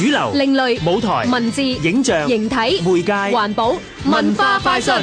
主流、另類舞台、文字、影像、形體、媒介、環保、文化快訊。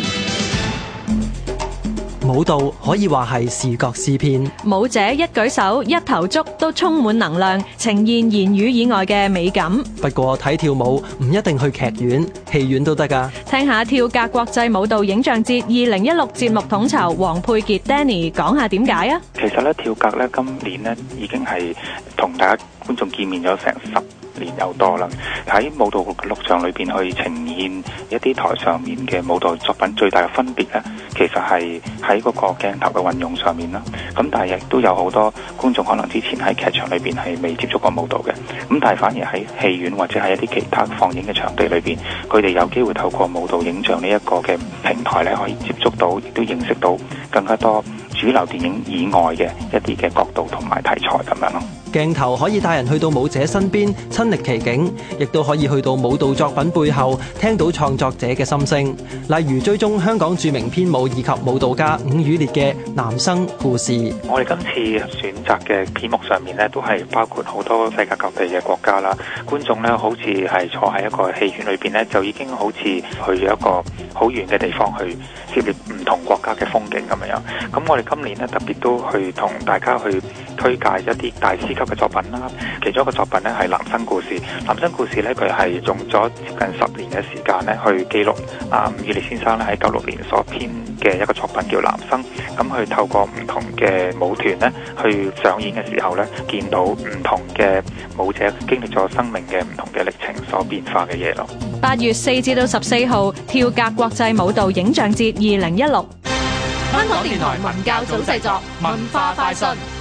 舞蹈可以話係視覺視片，舞者一舉手、一投足都充滿能量，呈現言語以外嘅美感。不過睇跳舞唔一定去劇院，戲院都得㗎。聽下跳格國際舞蹈影像節二零一六節目統籌黃佩傑 Danny 講下點解啊？其實咧跳格咧今年咧已經係同大家觀眾見面咗成十。年又多啦，喺舞蹈錄像裏邊去呈現一啲台上面嘅舞蹈作品，最大嘅分別咧，其實係喺嗰個鏡頭嘅運用上面啦。咁但係亦都有好多觀眾可能之前喺劇場裏邊係未接觸過舞蹈嘅，咁但係反而喺戲院或者係一啲其他放映嘅場地裏邊，佢哋有機會透過舞蹈影像呢一個嘅平台咧，可以接觸到亦都認識到更加多主流電影以外嘅一啲嘅角度同埋題材咁樣咯。鏡頭可以帶人去到舞者身邊親歷其境亦都可以去到舞蹈作品背後聽到創作者嘅心聲例如追蹤香港著名編舞以及舞蹈家伍宇烈嘅男生故事我哋今次選擇嘅片目上面呢都係包括好多世界各地嘅國家啦觀眾呢好似係坐喺一個戲院裏面呢就已經好似去咗一個好遠嘅地方去涉獵唔同國家嘅風景咁樣樣咁我哋今年呢特別都去同大家去推介一啲大師級嘅作品啦，其中一個作品咧係《男生故事》，《男生故事》咧佢係用咗接近十年嘅時間咧去記錄啊伍宇烈先生咧喺九六年所編嘅一個作品叫《男生》，咁佢透過唔同嘅舞團咧去上演嘅時候咧，見到唔同嘅舞者經歷咗生命嘅唔同嘅歷程所變化嘅嘢咯。八月四至到十四號，跳格國際舞蹈影像節二零一六，香港電台文教組製作文化快訊。